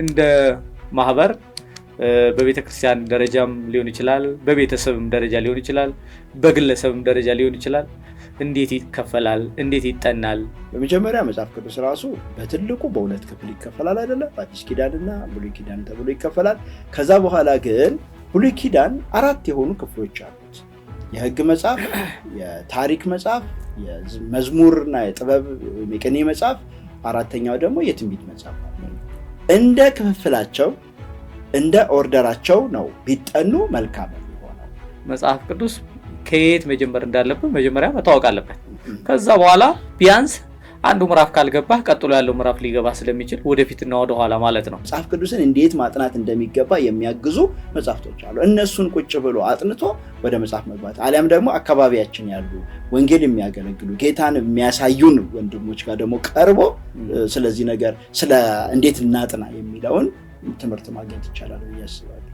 እንደ ማህበር በቤተ ክርስቲያን ደረጃም ሊሆን ይችላል፣ በቤተሰብም ደረጃ ሊሆን ይችላል፣ በግለሰብም ደረጃ ሊሆን ይችላል። እንዴት ይከፈላል? እንዴት ይጠናል? በመጀመሪያ መጽሐፍ ቅዱስ ራሱ በትልቁ በሁለት ክፍል ይከፈላል አይደለም? አዲስ ኪዳንና ብሉይ ኪዳን ተብሎ ይከፈላል። ከዛ በኋላ ግን ብሉይ ኪዳን አራት የሆኑ ክፍሎች አሉት። የህግ መጽሐፍ፣ የታሪክ መጽሐፍ፣ መዝሙርና የጥበብ የቅኔ መጽሐፍ፣ አራተኛው ደግሞ የትንቢት መጽሐፍ እንደ ክፍፍላቸው እንደ ኦርደራቸው ነው ቢጠኑ መልካም የሚሆነው። መጽሐፍ ቅዱስ ከየት መጀመር እንዳለብን መጀመሪያ መታወቅ አለበት። ከዛ በኋላ ቢያንስ አንዱ ምዕራፍ ካልገባህ ቀጥሎ ያለው ምዕራፍ ሊገባ ስለሚችል ወደፊትና ወደኋላ ማለት ነው። መጽሐፍ ቅዱስን እንዴት ማጥናት እንደሚገባ የሚያግዙ መጽሐፍቶች አሉ። እነሱን ቁጭ ብሎ አጥንቶ ወደ መጽሐፍ መግባት አሊያም ደግሞ አካባቢያችን ያሉ ወንጌል የሚያገለግሉ ጌታን የሚያሳዩን ወንድሞች ጋር ደግሞ ቀርቦ ስለዚህ ነገር ስለ እንዴት እናጥና የሚለውን ትምህርት ማግኘት ይቻላል ብዬ አስባለሁ።